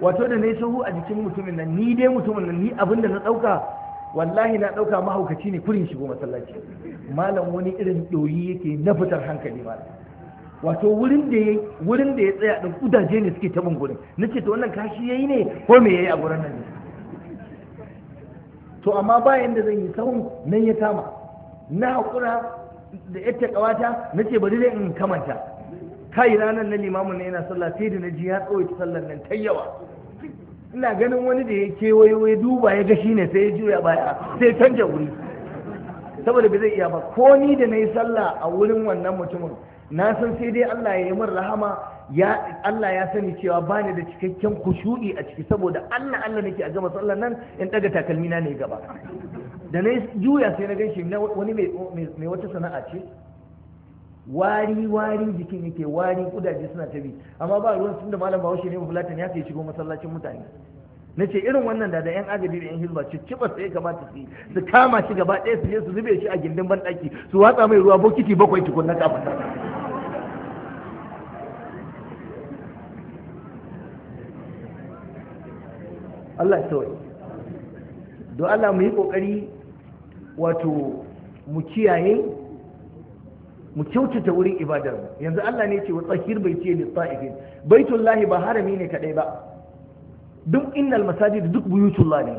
wato da na yi sahu a jikin mutumin nan ni dai mutumin nan ni abin da na ɗauka wallahi na ɗauka mahaukaci ne kurin shigo masallaci malam wani irin ɗoyi yake na fitar hankali malam wato wurin da ya wurin da ya tsaya ɗin kudaje ne suke tabin gurin nace to wannan kashi yayi ne ko me yayi a gurin nan ne to amma ba yadda zan yi sahun nan ya kama na haƙura da yadda ƙawata na ce bari dai in kamanta kai ranar na limamin na yana sallah sai da na ji ya tsawaita sallar nan ta yawa ina ganin wani da ya kewayo duba ya ga shi ne sai ya juya baya sai canja wuri saboda bai zai iya ba ko ni da na yi sallah a wurin wannan mutumin na san sai dai Allah ya yi min rahama ya Allah ya sani cewa ba ni da cikakken kushu'i a ciki saboda Allah Allah nake a gama sallar nan in daga takalmi na ne gaba da na juya sai na gan shi wani mai wata sana'a ce wari wari jikin yake wari kudaje suna ta amma ba ruwan sun da malam bahaushe ne mafulatan ya kai shigo masallacin mutane nace irin wannan da da yan agaji da yan hizba cicciɓar sai kamata su su kama shi gaba ɗaya su je su zube shi a gindin banɗaki su watsa mai ruwa bokiti bakwai tukun na kafa Allah ya sauye don Allah mu yi kokari wato mu kiyaye mu kyautata wurin ibadar yanzu Allah ne ce wa tsakir bai ce lissa'ifin baitullahi ba harami ne kadai ba duk innal masajid duk buyutullah ne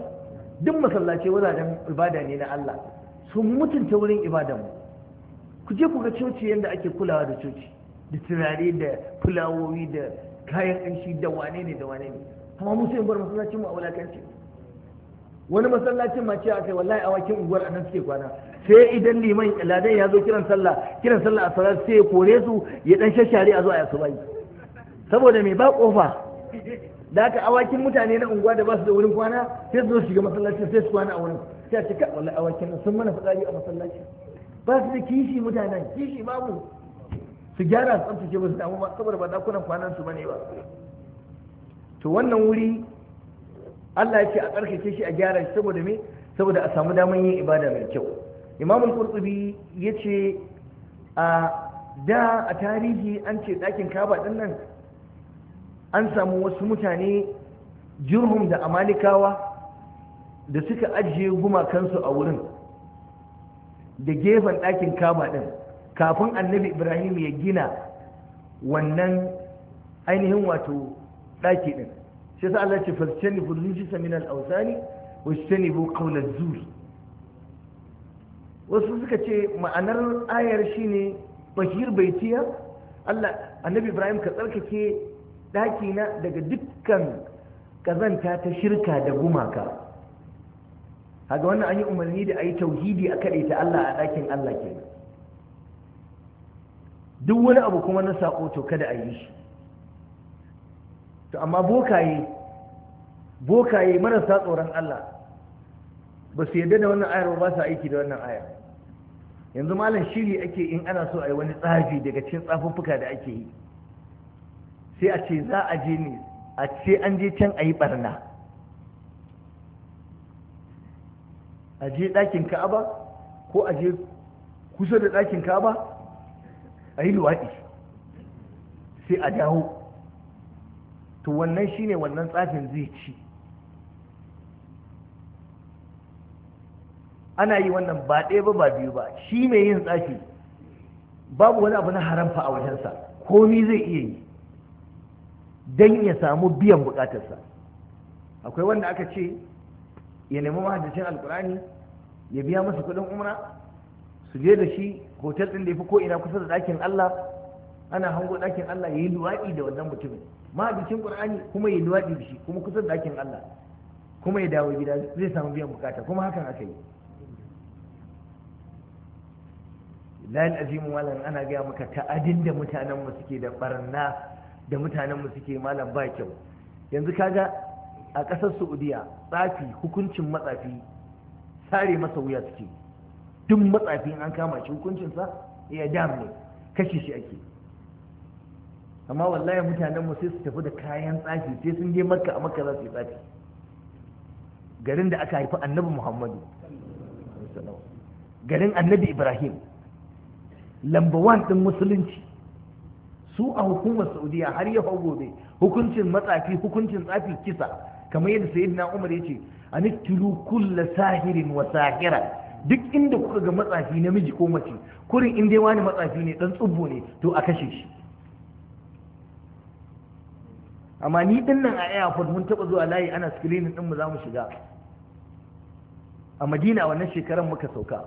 duk masallaci wazajen ibada ne na Allah sun mutunta wurin ibadar ku je ku ga coci yadda ake kulawa da coci da turare da fulawowi da kayan ƙanshi da wane ne da wane ne amma musu sai bar masallacin mu a wulakanci wani masallacin ma ce kai wallahi wakin unguwar anan suke kwana sai idan liman ladan ya zo kiran sallah kiran sallah a salat sai ya kore su ya dan shashare a zo a bai saboda me ba kofa da haka awakin mutane na unguwa da ba su da wurin kwana sai su zo shiga masallacin sai su kwana a wurin sai a ce kai wallahi awakin sun mana fitsari a masallaci ba su da kishi mutanen kishi babu su gyara su tsamtace ba su damu ba saboda ba dakunan kwanan su bane ba to wannan wuri Allah ya ce a tsarkake shi a gyara shi saboda me saboda a samu daman yin ibada mai kyau imam al-qurtubi yace a da a tarihi an ce ɗakin kaba din nan an samu wasu mutane jurhum da amalikawa da suka ajiye gumakansu a wurin da gefen ɗakin kaba din kafin annabi ibrahim ya gina wannan ainihin wato daki din shi sa Allah ce fashtani bu rijisa min al wasu washtani bu qawla zuri wasu suka ce ma'anar ayar shine bahir baitiya Allah annabi Ibrahim ka tsarkake ɗaki na daga dukkan kazanta ta shirka da gumaka haga wannan an yi umarni da a yi tauhidi a kaɗe ta Allah a ɗakin Allah ke duk wani abu kuma na saƙo to kada a yi shi to amma bokaye bokaye marasa tsoron Allah ba su yarda da wannan ayar ba su aiki da wannan ayar yanzu malam shiri ake in ana so a yi wani tsafi daga cin tsafuffuka da ake yi sai a ce za a je ne a ce an je can a yi barna a je ɗakin ka'aba ko a je kusa da ɗakin ka'aba a yi luwaɗi sai a dawo to wannan shine wannan tsafin zai ci ana yi wannan ba ɗaya ba ba biyu ba shi mai yin tsafi babu wani abu na haramfa a wajensa komi zai iya yi don ya samu biyan bukatarsa akwai wanda aka ce ya nemi mahaddacin alkurani ya biya masa kudin umra su je da shi hotel ɗin da ya fi ko ina kusa da ɗakin allah ana hango ɗakin allah ya yi luwaɗi da wannan mutumin bikin qur'ani kuma yi luwadi da shi kuma kusan dakin Allah kuma ya dawo gida zai samu biyan bukata kuma hakan aka yi layin azimin malam ana gaya maka ta'adin da mutanenmu suke da barna da mutanenmu suke malam ba kyau yanzu kaga a ƙasar saudiya tsafi hukuncin matsafi sare masa wuya suke duk matsafi an kama shi hukuncinsa ya dam ne Kashe shi ake amma wallahi mutanen mu sai su tafi da kayan tsafi sai sun je makka a makka za su yi tsafi garin da aka haifi annabi muhammadu garin annabi ibrahim lamba ɗin musulunci su a hukumar saudiya har ya gobe hukuncin matsafi hukuncin tsafi kisa kamar yadda sayyidina umar ya ce a nittulu kulla sahirin wa sahira duk inda kuka ga matsafi namiji ko mace kurin in dai wani matsafi ne ɗan tsubbo ne to a kashe shi amma ni din nan a airport mun taba zuwa layi ana screening din mu za mu shiga a madina wannan shekaran muka sauka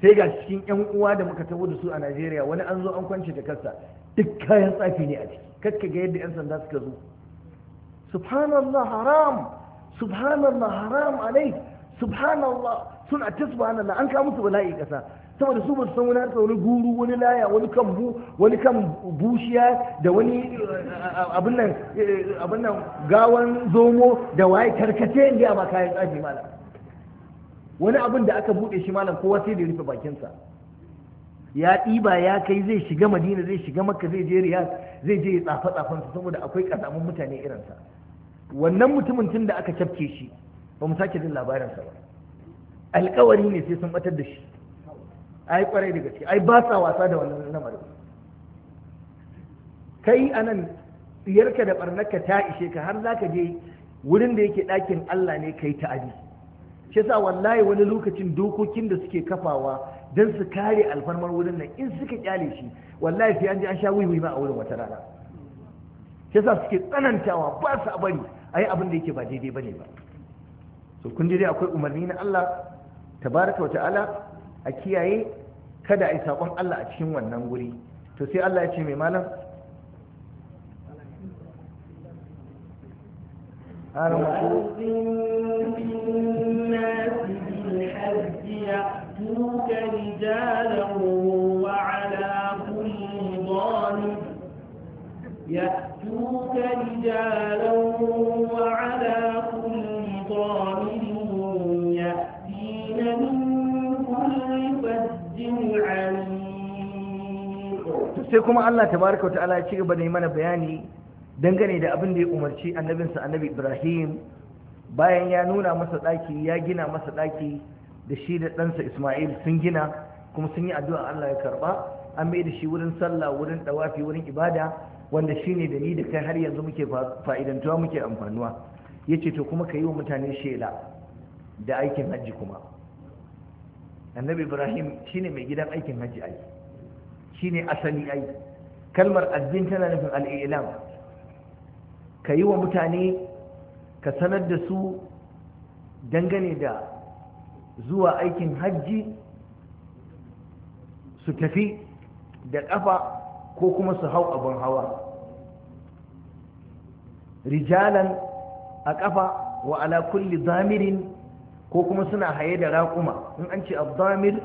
sai ga cikin yan uwa da muka tabo da su a najeriya wani an zo an kwance da kansa duk kayan tsafi ne a ciki kakka ga yadda yan sanda suka zo subhanallah haram subhanallah haram alai subhanallah suna ta subhanallah an kawo musu bala'i kasa saboda su basu san wani harsa wani guru wani laya wani kan bushiya da wani eh, abin nan eh, abin gawan zomo da waye karkace inda a kayan tsafi malam wani abin da aka bude shi malam kowa sai da rufe bakinsa ya ɗiba ya kai zai shiga madina zai shiga makka zai je riyad zai je tsafa tsafansa saboda akwai kasamun mutane irinsa wannan mutumin tun da aka cafke shi ba mu sake jin labarinsa ba alkawari ne sai sun batar da shi ai kwarai da gaske ai ba sa wasa da wannan lamarin kai anan tsiyarka da barnarka ta ishe ka har zaka je wurin da yake ɗakin Allah ne kai ta'adi shi yasa wallahi wani lokacin dokokin da suke kafawa don su kare alfarmar wurin nan in suka kyale shi wallahi sai an an sha wiwi ma a wurin wata rana shi yasa suke tsanantawa ba su bari ayi abin da yake ba daidai bane ba so kun dai akwai umarni na Allah tabaraka wa ta'ala a kiyaye kada a yi saƙon Allah a cikin wannan guri to sai Allah ya ce mai malam أنا مشهور الناس بالحج يأتوك رجالا وعلى كل ضامر sai kuma Allah tabaraka wa ta'ala ya ci gaba da yi mana bayani dangane da abin da ya umarci annabinsa annabi Ibrahim bayan ya nuna masa ɗaki ya gina masa ɗaki da shi da ɗansa Ismail sun gina kuma sun yi addu'a Allah ya karɓa an bai da shi wurin sallah wurin dawafi wurin ibada wanda shi ne da ni da kai har yanzu muke fa'idantuwa muke amfanuwa ya ce to kuma ka yi wa mutane shela da aikin hajji kuma annabi ibrahim shine mai gidan aikin hajji aiki shine asali ai kalmar addin tana nufin al'ilam ka yi wa mutane ka sanar da su dangane da zuwa aikin hajji su tafi da ƙafa ko kuma su hau abin hawa rijalan a ƙafa wa ala kulli zamirin ko kuma suna haye da raƙuma in an ce abdamir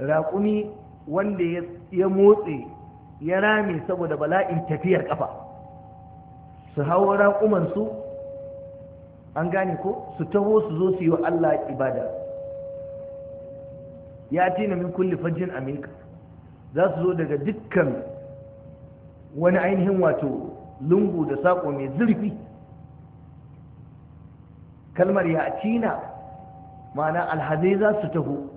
raƙumi wanda ya ya motsi ya rame saboda bala'in tafiyar kafa su hau raƙumansu an gane ko su taho su zo su yi wa Allah ibada ya tina min kulli fajin amika za su zo daga dukkan wani ainihin wato lungu da saƙo mai zurfi kalmar ya cina ma'ana alhazai za su taho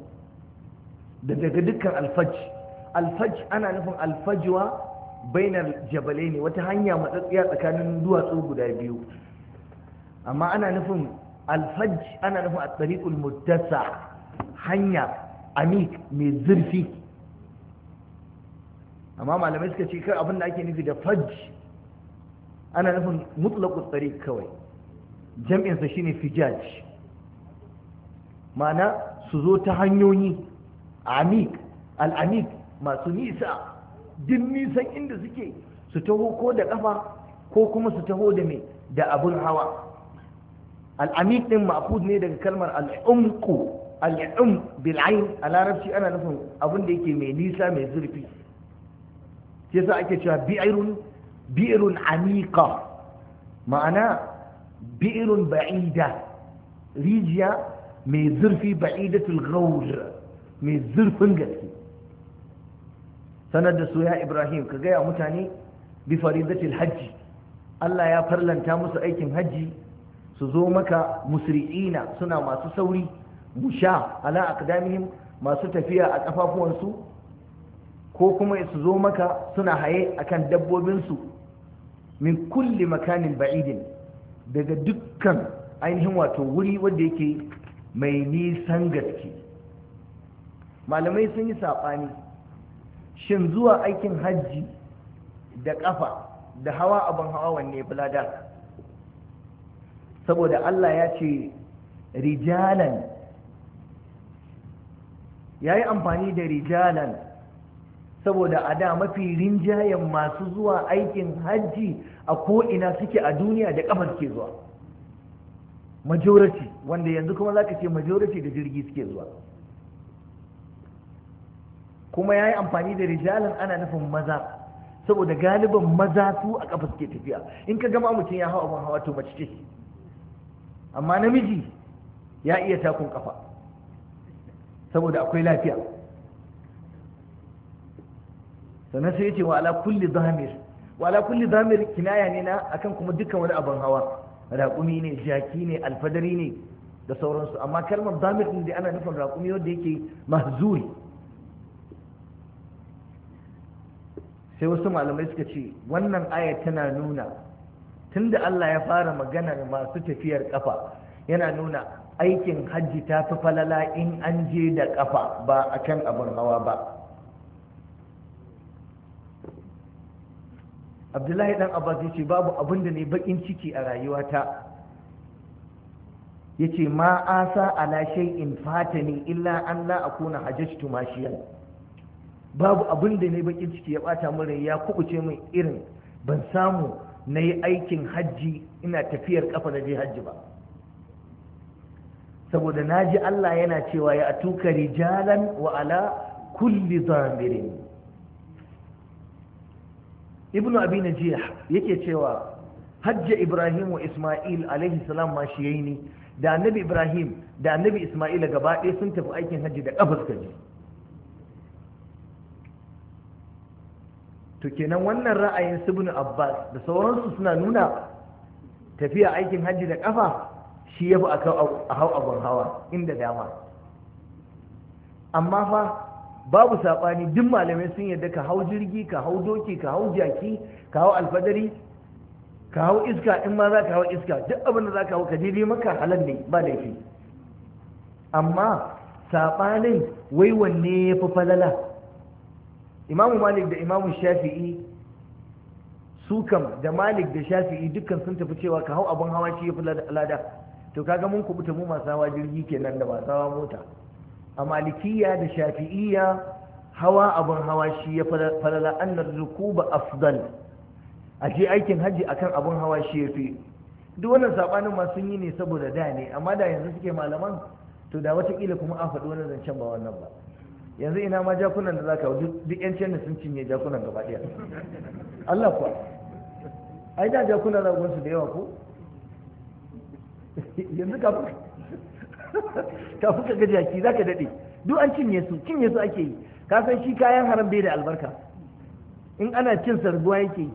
da daga dukkan alfaji alfaj ana nufin alfajwa bainar jabalai ne wata hanya matsatsiya tsakanin duwatsu guda biyu amma ana nufin alfaj ana nufin a tsariƙul muddasa hanya amik mai zurfi amma malamai suka ce kar abin da ake nufi da faj ana nufin mutlaƙul tsariƙ kawai jam'insa shine fijaj ma'ana su zo ta hanyoyi amik al'amik masu nisa duk nisan inda suke su taho ko da ƙafa ko kuma su taho da mai da abun hawa al'amik ɗin ma'afud ne daga kalmar al'umku al'um bil'ain a larabci ana nufin abin da yake mai nisa mai zurfi sai sa ake cewa bi'irun bi'irun amika ma'ana bi'irun ba'ida rijiya mai zurfi ba'idatul gaur mai zurfin gaske sanar da su ya ibrahim ka gaya mutane bi faridatil hajji Allah ya farlanta musu aikin hajji su zo maka musri'ina suna masu sauri musha ala aqdamihim masu tafiya a kafafuwansu ko kuma su zo maka suna haye akan dabbobinsu min kulli makanin ba'idin daga dukkan ainihin wato wuri wanda yake mai nisan gaske malamai sun yi saɓani shin zuwa aikin hajji da ƙafa da hawa abin hawa wanne bulada saboda Allah ya ce rijalan ya yi amfani da rijalan saboda a da mafi rinjayen masu zuwa aikin hajji a ko'ina suke a duniya da ƙafa suke zuwa majority wanda yanzu kuma za ka ce majority da jirgi suke zuwa kuma ya yi amfani da rijalan ana nufin maza saboda galiban maza su a ƙafa suke tafiya in ka gama mutum ya hau abin hawa to mace ce amma namiji ya iya takun ƙafa saboda akwai lafiya sannan sai ce wa ala kulli zamir wa ala kulli zamir kinaya ne na akan kuma dukkan wani abin hawa raƙumi ne jaki ne alfadari ne da sauransu amma kalmar zamir din da ana nufin raƙumi wanda yake mahzuri sai wasu malamai suka ce wannan aya tana nuna tunda Allah ya fara maganar masu tafiyar kafa yana nuna aikin hajji ta fi falala in an je da kafa ba a kan abin hawa ba abdullahi dan abbas ya ce babu abin da ne bakin ciki a rayuwata ya ce ma asa ala shay'in fatani illa an la akuna hajjatu mashiyan babu abin da ne bakin ciki ya bata min rai ya kubuce min irin ban samu na yi aikin hajji ina tafiyar kafa na je hajji ba saboda na ji Allah yana cewa ya atuka rijalan wa ala kulli zamirin ibn abi najih yake cewa hajji ibrahim wa isma'il alaihi salam ma shi yayi da annabi ibrahim da annabi isma'il gaba ɗaya sun tafi aikin hajji da suka je to kenan wannan ra'ayin ibn abbas da sauransu suna nuna tafiya aikin hajji da kafa shi ya fi a hau abin hawa inda dama amma fa babu saɓani duk malamai sun yadda ka hau jirgi ka hau doki ka hau jaki ka hau alfadari ka hau iska in ma za ka hau iska duk abin da za ka hau ka je maka halal ne ba laifi amma saɓanin wai wanne ya fi falala imamu malik da imamu shafi'i su kam da malik da shafi'i dukkan sun tafi cewa ka hau abin hawa shi ya fi lada to kaga mun kubuta mu masu hawa jirgi kenan da masu mota a malikiya da shafi'iya hawa abin hawa shi ya falala annar rukuba afdal a je aikin hajji akan abin hawa shi ya fi duk wannan sabanin ma sun yi ne saboda da ne amma da yanzu suke malaman to da watakila kuma an faɗi wani zancen ba wannan ba yanzu ina ma jakunan da zaka duk yan canna sun cinye jakunan gaba ɗaya Allah kuwa ai da jakunan ragon su da yawa ko [LAUGHS] yanzu kafin kafin ka [LAUGHS] gaji za ka daɗe. duk an cinye su cinye su ake yi ka san shi kayan haram bai da albarka in ana cin sarguwa yake yi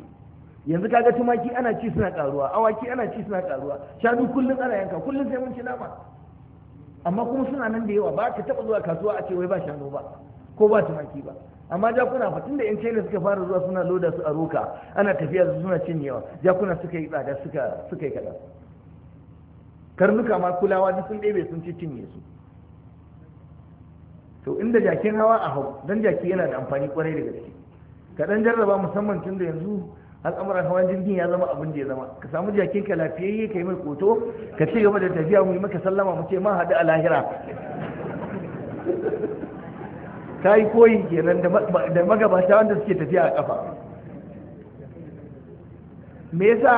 yanzu kaga tumaki ana ci suna karuwa awaki ana ci suna karuwa shanu kullum ana yanka kullum sai mun ci nama amma kuma suna nan da yawa ba ka taɓa zuwa kasuwa a ce wai ba shanu ba ko ba tumaki ba amma jakuna fa tunda yan china suka fara zuwa suna loda su a roka ana tafiya su suna cin yawa jakuna suka yi tsada suka suka yi kaɗan karnuka ma kulawa duk sun ɗebe sun ci cinye su to inda jakin hawa a hau dan jaki yana da amfani kwarai da gaske kaɗan dan jarraba musamman tun yanzu al'amuran hawan jirgin ya zama abin da ya zama ka samu jakin ka lafiyayye ka yi mai koto ka ci gaba da tafiya mu yi maka sallama mu ce ma haɗu a lahira ta yi koyi kenan da magabata wanda suke tafiya a kafa me yasa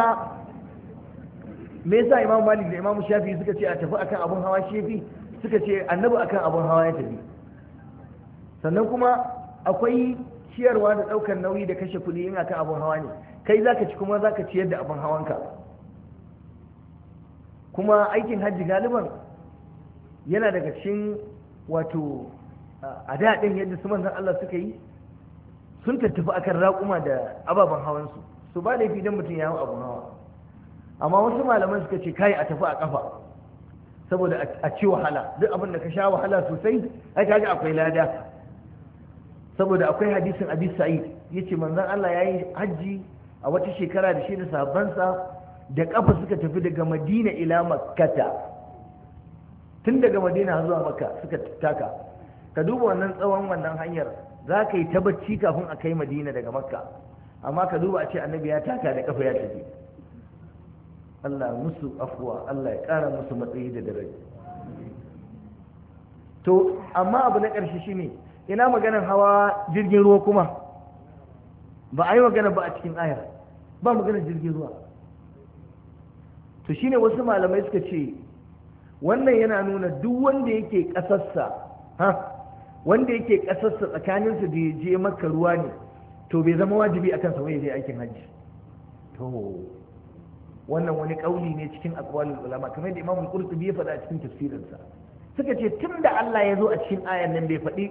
me yasa imam malik da imam shafi suka ce a tafi akan abun hawa shafi suka ce annabi akan abin hawa ya tafi sannan kuma akwai ciyarwa da ɗaukar nauyi da kashe kuɗi yana kan abin hawa ne kai za ka ci kuma za ka ciyar da abin ka. kuma aikin hajji galiban yana daga cikin wato a daɗin yadda su manzan Allah suka yi sun tattafi akan raƙuma da ababen hawansu su ba da idan mutum ya hau abin hawa amma wasu malaman suka ce kai a tafi a kafa saboda a ci wahala duk abin da ka sha wahala sosai ai kaga akwai lada saboda akwai hadisin abi sa'id ce manzan Allah ya yi hajji a wata shekara da shi da sabansa da kafa suka tafi daga Madina ila Makkata tun daga Madina zuwa Makka suka taka ka duba wannan tsawon wannan hanyar za ka yi tabbaci kafin a kai Madina daga Makka amma ka duba a ce annabi ya taka da kafa ya tafi Allah musu afuwa Allah ya kara musu matsayi da daraja to amma abu na ƙarshe shine ina maganar hawa jirgin ruwa kuma ba a yi magana ba a cikin ayar ba maganar jirgin ruwa to shine wasu malamai suka ce wannan yana nuna duk wanda yake ƙasarsa ha wanda yake ƙasarsa tsakaninsa da ya je maka ruwa ne to bai zama wajibi akan sa ya je aikin hajji to wannan wani kauli ne cikin aqwalul ulama kamar da Imam Qurtubi ya faɗa cikin tafsirinsa suka ce tunda Allah ya zo a cikin ayar nan bai faɗi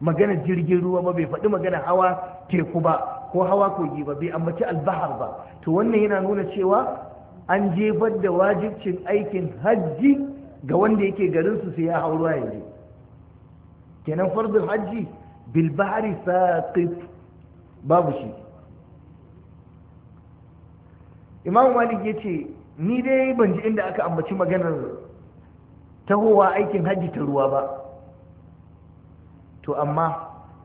magana jirgin ruwa ba bai faɗi magana hawa teku ba ko hawa kogi ba bai ambaci albahar ba to wannan yana nuna cewa an jefar da wajibcin aikin hajji ga wanda yake garin su sai ya hau ruwa yanzu kenan farzin hajji bil bahri saqif babu shi imam malik yace ni dai ban ji inda aka ambaci maganar tahowa aikin hajji ta ruwa ba to amma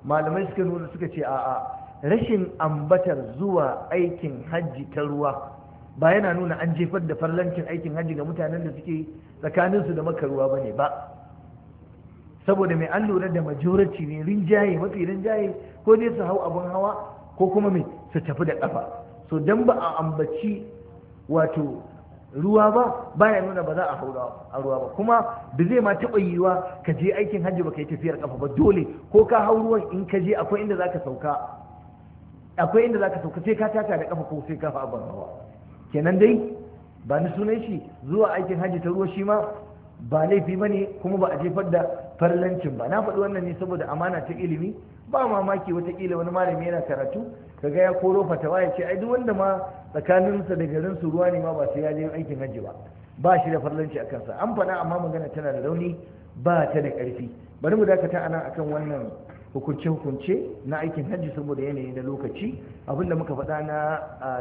malamai suka nuna suka ce a'a rashin ambatar zuwa aikin hajji ta ruwa ba yana nuna an jefar da farlancin aikin hajji ga mutanen da suke tsakaninsu da maka ruwa ba ne ba saboda mai an lura da majoraci ne rinjaye mafi rinjaye ko dai su hau abin hawa ko kuma mai su tafi da kafa so dan ba a ambaci wato ruwa ba baya nuna ba za a hau a ruwa ba kuma ba zai ma taɓa yiwa ka je aikin hajji ba ka yi tafiyar kafa ba dole ko ka hau ruwan in ka je akwai inda za ka sauka akwai inda za ka sauka sai ka taka da kafa ko sai ka fa hawa kenan dai ba ni sunan shi zuwa aikin hajji ta ruwa shi ma ba laifi ba ne kuma ba a jefar da fallancin ba na faɗi wannan ne saboda amana ta ilimi ba mamaki watakila wani malami yana karatu kaga ya koro fatawa ya ce ai duk wanda ma tsakaninsa da garin su ruwa ne ma ba sai ya je aikin hajji ba ba shi da farlanci a kansa an faɗa amma magana tana da rauni ba ta da ƙarfi bari mu dakata a nan akan wannan hukunce-hukunce na aikin hajji saboda yanayi na lokaci abinda muka faɗa na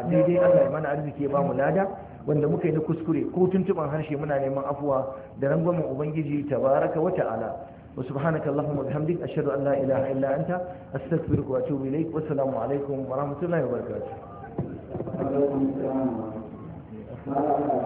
daidai allah ya mana arziki ya ba mu lada wanda muka yi na kuskure ko tuntuban harshe muna neman afuwa da rangwamen ubangiji tabaraka wa ta'ala wa subhanaka allahumma bihamdik ashhadu an la ilaha illa anta astaghfiruka wa atubu wa assalamu alaikum wa rahmatullahi wa barakatuh